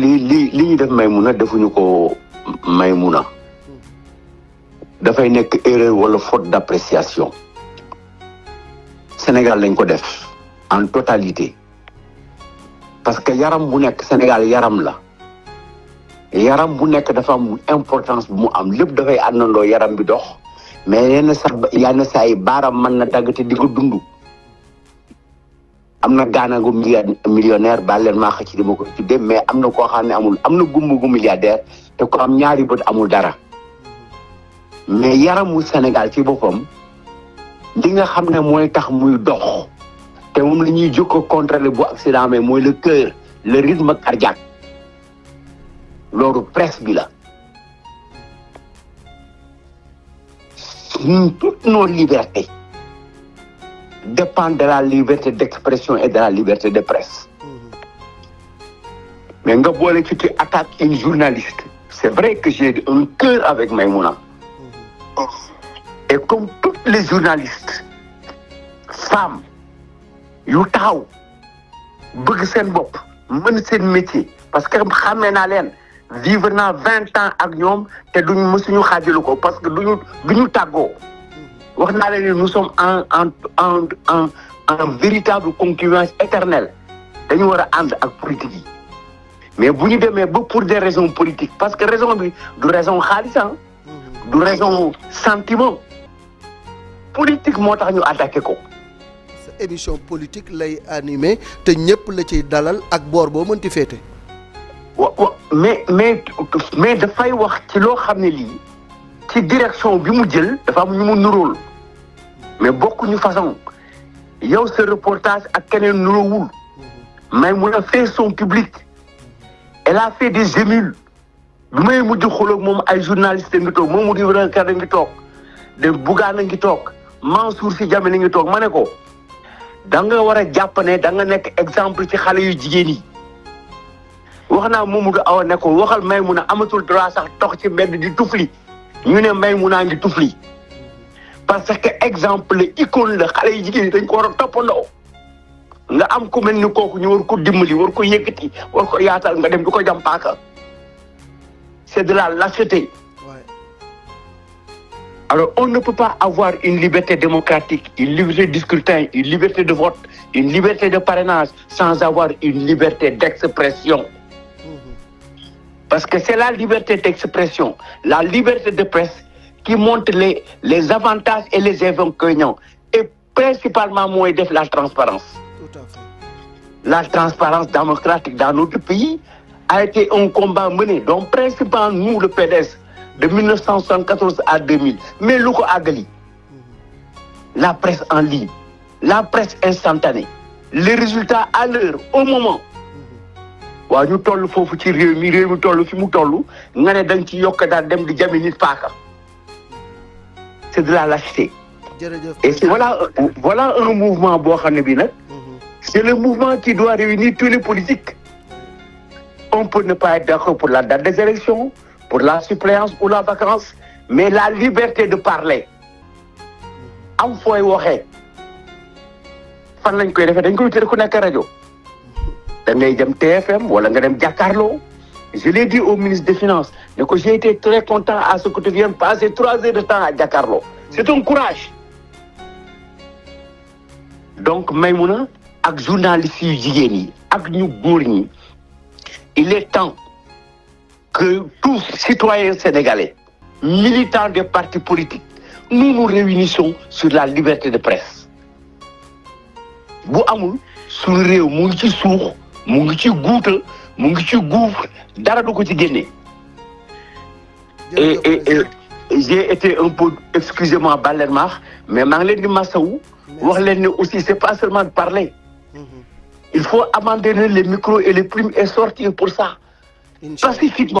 lii lii li ñu def may Maymuna defuñu ko may Maymuna dafay nekk erreur wala faute d'appréciation Sénégal lañ ko def en totalité parce que yaram bu nekk Sénégal yaram la yaram bu nekk dafa am importance bu mu am lépp dafay àndandoo yaram bi dox mais yenn sa yenn saa mën na dagg te di ko dund am na gaanagu millionnaire baal baleen maa xëcc di ma ko tuddee mais am na ko xam ne amul am na gumb gu milliardaire te ko am ñaari bët amul dara mais yaramu Sénégal ci boppam li nga xam ne mooy tax muy dox te moom la ñuy jukko ko contrôler bu accident mooy le cœur le rythme cardiaque loolu presse bi la toute nos libertés dépend de la liberté d'expression et de la liberté de presse mais nga boole ci ki attaque une journaliste c'est vrai que j'ai un cœur avec Maïmouna et comme toutes les journalistes femmes yu taxaw bëgg seen bopp mën seen métier parce que xamee naa leen vivre naa vingt ans ak ñoom te duñ mësuñu xaajalu ko parce que duñu duñu tàggoo wax naa leen ne nous sommes en en en en en véritable concurrence éternelle dañu war a ànd ak politique yi mais bu ñu demee ba pour des raisons politiques parce que raison bi du raison xaalisan ah. du raison sentiment politique moo tax ñu attaqué ko. sa émission politique lay animé te ñëpp la ci dalal ak boor boo mënti féete. wa mais mais mais dafay wax ci loo xam ne lii. ci direction bi mu jël dafa am ñu mu nuróol mais bokkuñu façon yow sa reportage ak keneen nuróowul mais mun a fait son public elle a fait des émules bi may mujj xooloog moom ay journaliste ngi toog moom mu di renkar ngi toog de Bougane ngi toog Mansour Sy Djamil ngi toog ma ne ko da nga war a jàpp da nga nekk exemple ci xale yu jigéen yi wax naa Mamadou aw a ko waxal may mun a amatul droit sax tox ci mbedd di tufli ñu ne may mu naa ngi tufli parce que exemple icône la xale yi jigéen yi dañ ko war a toppandoo nga am ku mel ni kooku ñu war ko dimbali war ko yëkkati war ko yaatal nga dem di ko jam paaka c'est de la lâcheté alors on ne peut pas avoir une liberté démocratique une liberté de scrutin une liberté de vote une liberté de parrainage sans avoir une liberté d'expression Parce que c'est la liberté d'expression, la liberté de presse qui montre les, les avantages et les inconvénients. Et principalement, moi, de la transparence. Tout à fait. La transparence démocratique dans notre pays a été un combat mené. Donc, principalement, nous, le PDS, de 1974 à 2000. Mais Louko Agali, mm-hmm. la presse en ligne, la presse instantanée, les résultats à l'heure, au moment, waaw ñu toll foofu ci réew mi réew mi toll fi mu toll nga ne dañ ci yokk daal dem di jami ni paaka c'est de la lâcheté et voilà voilà un mouvement boo xam ne bi nag mhm. c'est le mouvement qui doit réunir tous les politiques on peut ne pas être d'accord pour la date des élections pour la suppléance ou la vacance mais la liberté de parler am fooy waxee fan koy defee dañ koy tëdd ku nekk rajo da ngay dem TFM wala nga dem Jakaarlo je l'ai dit au ministre des finances ne ko j'ai été très content à ce que tu viennes passer trois heures de temps à Jakaarlo c'est un courage donc Maimouna ak journaliste yu jigéen yi ak ñu góor ñi il est temps que tous citoyens sénégalais militants des partis politiques nous nous réunissons sur la liberté de presse bu amul suñu réew mu ngi mu ngi ci guuta mu ngi ci guuf dara du ko ci génne et et j'ai un peu excusez-moi baal leen maax mais maa ngi leen di masawu wax leen ne aussi c'est pas seulement de parler mm-hmm. il faut abandonner les micros et les plumes et sortir pour ça pacifiquement